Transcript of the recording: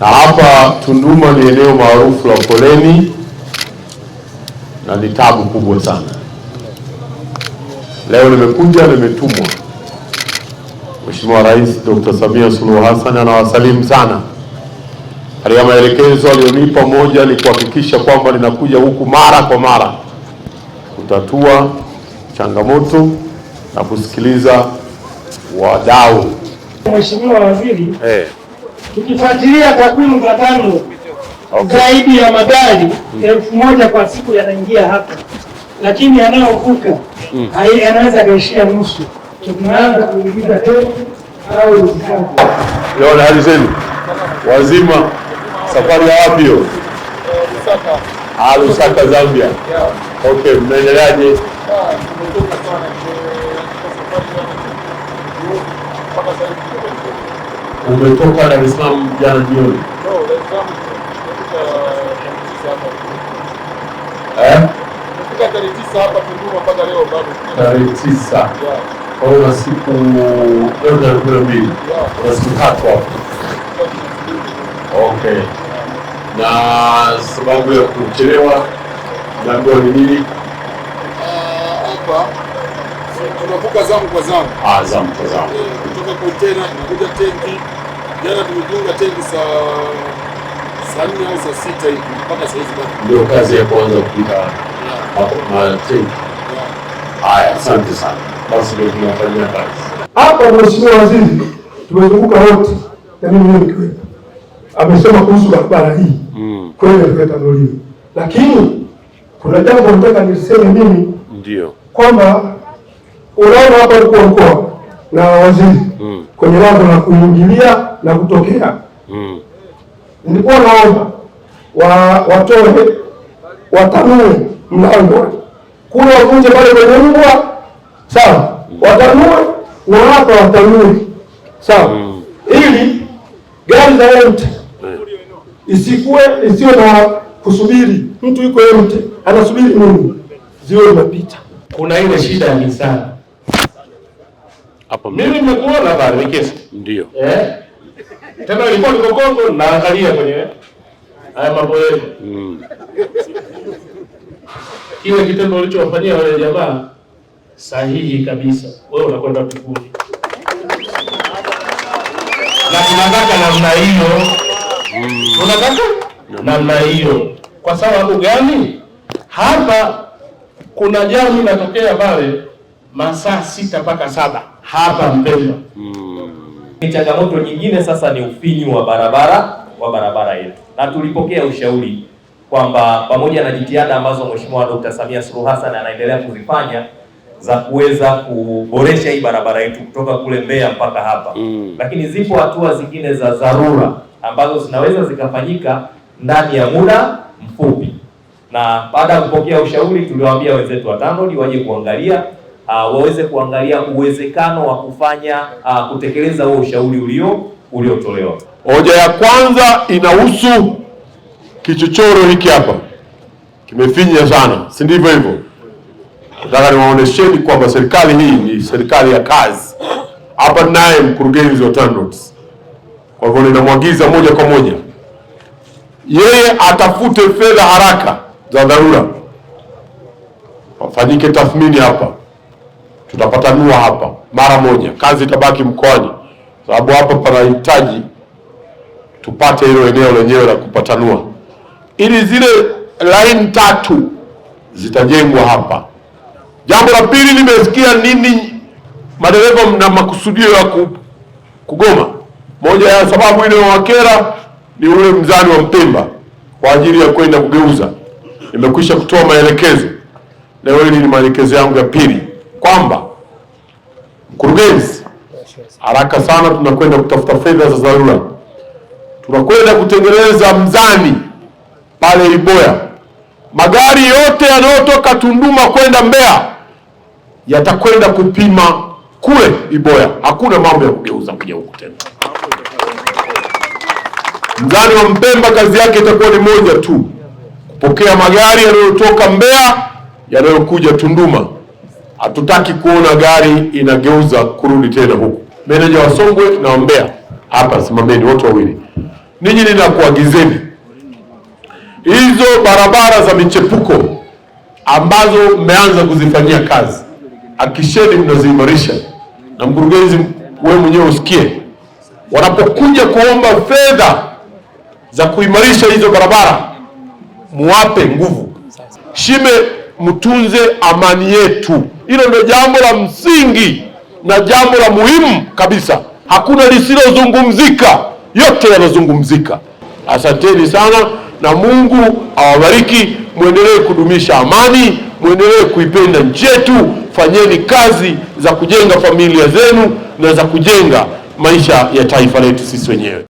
na hapa Tunduma ni eneo maarufu la foleni na ni tabu kubwa sana. Leo nimekuja nimetumwa, Mheshimiwa Rais Dr. Samia Suluhu Hassan anawasalimu sana. Katika maelekezo aliyonipa, moja ni kuhakikisha kwamba ninakuja huku mara kwa mara kutatua changamoto na kusikiliza wadau. Mheshimiwa Waziri, hey. Eh. Tukifuatilia takwimu za tano zaidi ya magari hmm. elfu moja kwa siku yanaingia hapa, lakini yanayovuka mm, yanaweza kaishia nusu. Tunaanza kuingiza tena au leo hali zenu wazima, safari ya wapi hiyo? Lusaka, Zambia. Okay, mnaendeleaje? Ah, Umetoka Dar es Salaam jana jioni eh? tarehe tisa, kwa hiyo na siku labda kumi na mbili na siku tatu hapo. Okay, na sababu ya kuchelewa naambiwa ni nini? Ah, kwa ah, kwa eh, kutoka kontena tenki jana tumejiunga tangu saa saa nne au saa sita hivi mpaka saa hizi bado ndio kazi ya kwanza kupika hapo matenki. Haya, asante sana. Basi ndio tunafanyia kazi hapa. Mheshimiwa Waziri, tumezunguka wote na yaani mimi leo nikiwepo, amesema kuhusu barabara hii mm. kweli alitanuliwa, lakini kuna jambo nataka niseme mimi ndio kwamba unaona hapa ulikuwa mkoa na waziri mm. kwenye lango la kuingilia na kutokea mm. nilikuwa naomba wa, watoe watanue mlango kule wakunje pale kwenye mbwa sawa, mm. watanue na hapa watanue sawa mm. ili gari za yote eh. isikuwe isiwe na kusubiri mtu yuko yote anasubiri nini, ziwe zinapita. Kuna ile shida ya misana hapo mimi nimekuona pale kesi ndio eh, tena ilikuwa niko Kongo naangalia kwenye haya mambo yetu mm. Kile kitendo ulichowafanyia wale jamaa sahihi kabisa, wewe unakwenda kukuni na tunataka namna hiyo mm. tunataka namna hiyo. Kwa sababu gani? Hapa kuna jamii inatokea pale masaa sita mpaka saba hapa Mpemba. Mm. Changamoto nyingine sasa ni ufinyu wa barabara wa barabara yetu, na tulipokea ushauri kwamba pamoja na jitihada ambazo Mheshimiwa Dkt. Samia Suluhu Hassan anaendelea kuzifanya za kuweza kuboresha hii barabara yetu kutoka kule Mbeya mpaka hapa mm. Lakini zipo hatua zingine za dharura ambazo zinaweza zikafanyika ndani ya muda mfupi, na baada ya kupokea ushauri tuliwaambia wenzetu wa TANROADS waje kuangalia uh, waweze kuangalia uwezekano wa kufanya uh, kutekeleza huo ushauri ulio uliotolewa. Hoja ya kwanza inahusu kichochoro hiki hapa, kimefinya sana, si ndivyo? Hivyo nataka niwaonesheni kwamba serikali hii ni serikali ya kazi. Hapa naye mkurugenzi wa TANROADS, kwa hivyo ninamwagiza moja kwa moja yeye atafute fedha haraka za dharura, wafanyike tathmini hapa tutapatanua hapa mara moja, kazi itabaki mkoani, sababu hapa panahitaji tupate hilo eneo lenyewe la kupatanua, ili zile line tatu zitajengwa hapa. Jambo la pili, nimesikia nini, madereva mna makusudio ya kugoma. Moja ya sababu inayowakera ni ule mzani wa Mpemba kwa ajili ya kwenda kugeuza. Nimekwisha kutoa maelekezo, leo hili ni maelekezo yangu ya pili kwamba mkurugenzi, haraka sana tunakwenda kutafuta fedha za dharura, tunakwenda kutengeneza mzani pale Iboya. Magari yote yanayotoka Tunduma kwenda Mbeya yatakwenda kupima kule Iboya. Hakuna mambo ya kugeuza kuja huku tena. Mzani wa Mpemba kazi yake itakuwa ni moja tu, kupokea magari yanayotoka Mbeya yanayokuja Tunduma. Hatutaki kuona gari inageuza kurudi tena huku. Meneja wa Songwe na Mbeya hapa simameni wote wawili, ninyi ninakuagizeni, hizo barabara za michepuko ambazo mmeanza kuzifanyia kazi, akisheni mnaziimarisha, na mkurugenzi, wewe mwenyewe usikie, wanapokuja kuomba fedha za kuimarisha hizo barabara, muwape nguvu shime mtunze amani yetu. Hilo ndio jambo la msingi na jambo la muhimu kabisa, hakuna lisilozungumzika, yote yanazungumzika. Asanteni sana na Mungu awabariki, mwendelee kudumisha amani, mwendelee kuipenda nchi yetu, fanyeni kazi za kujenga familia zenu na za kujenga maisha ya taifa letu sisi wenyewe.